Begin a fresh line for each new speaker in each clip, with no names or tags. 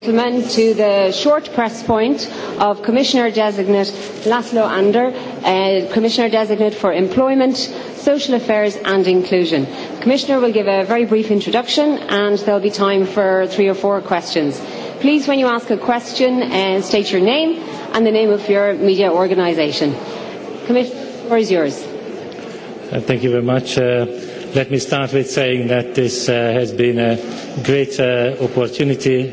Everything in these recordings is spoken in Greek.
Gentlemen, to the short press point of Commissioner Designate Laszlo Ander, Commissioner Designate for Employment, Social Affairs and Inclusion. The Commissioner will give a very brief introduction and there will be time for three or four questions. Please, when you ask a question, state your name and the name of your media organisation. Commissioner, the floor is yours.
Thank you very much. Let me start with saying that this has been a great opportunity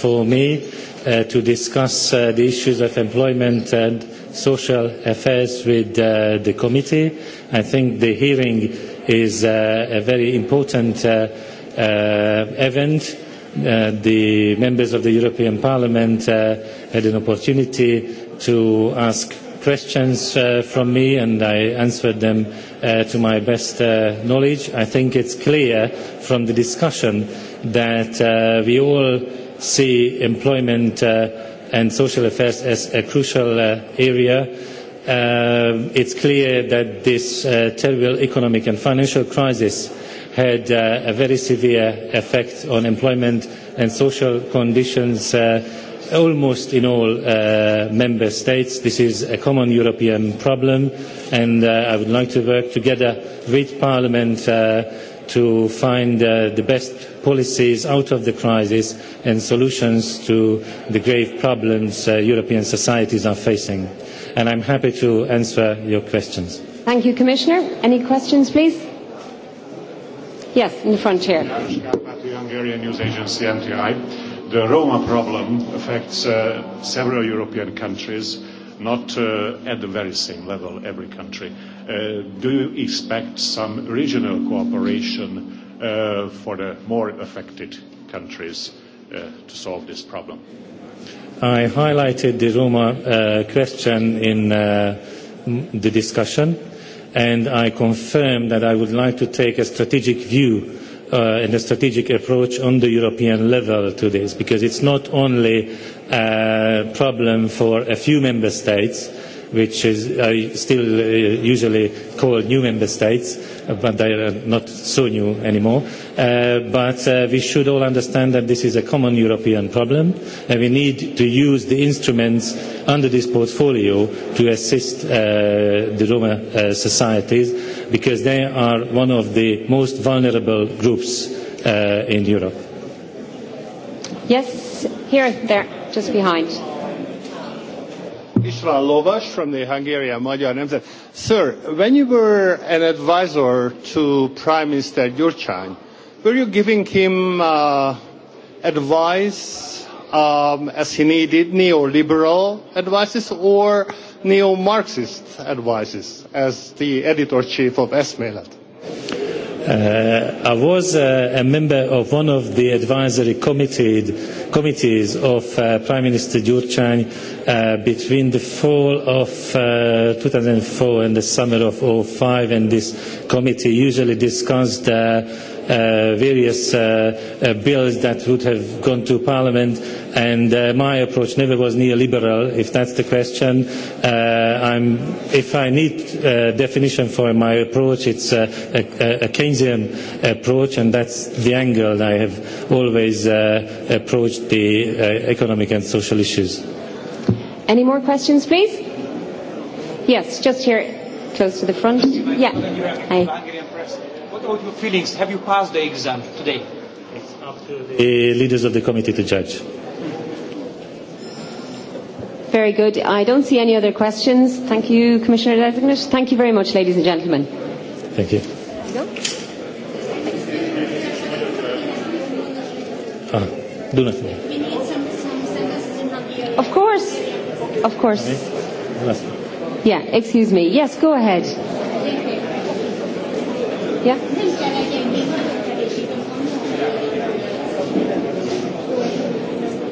for me to discuss the issues of employment and social affairs with the committee. I think the hearing is a very important event. The members of the European Parliament had an opportunity to ask questions from me and I answered them to my best knowledge. I think it's clear from the discussion that we all see employment and social affairs as a crucial area. It's clear that this terrible economic and financial crisis had a very severe effect on employment and social conditions almost in all member states. This is a common European problem and I would like to work together with Parliament to find the best policies out of the crisis and solutions to the grave problems European societies are facing. And I'm happy to answer your questions.
Thank you, Commissioner. Any questions, please? Yes, in the front Hungarian
agency, the Roma problem affects several European countries, not at the very same level every country. Do you expect some regional cooperation for the more affected countries to solve this problem? I highlighted the Roma question in the discussion and I confirm that I would like to take a strategic view and a strategic approach on the European level to this, because it's not only a problem for a few member states which is still usually called new member states, but they are not so new anymore. But we should all understand that this is a common European problem, and we need to use the instruments under this portfolio to assist the Roma societies, because they are one of the most vulnerable groups in Europe.
Yes, here, there, just behind.
Lovas from the Hungarian Magyar Nemzet. Sir, when you were an advisor to Prime Minister Gyurcsány, were you giving him advice as he needed, neoliberal advices or neo-Marxist advices as the editor-chief of Esmélet? I was a member of one of the advisory committees committees of Prime Minister Gyurcsány between the fall of 2004 and the summer of 2005 and this committee usually discussed various bills that would have gone to Parliament and my approach never was neoliberal, if that's the question. If I need a definition for my approach, it's a Keynesian approach and that's the angle I have always approached the economic and social issues.
Any more questions, please? Yes, just here, close to the front. Yeah.
What are your feelings? Have you passed the exam today? the leaders of the committee to judge.
Very good. I don't see any other questions. Thank you, Commissioner Designate. Thank you very much, ladies and gentlemen.
Thank you. Thank you.
Of course. Of course. Yeah, excuse me. Yes, go ahead. Yeah.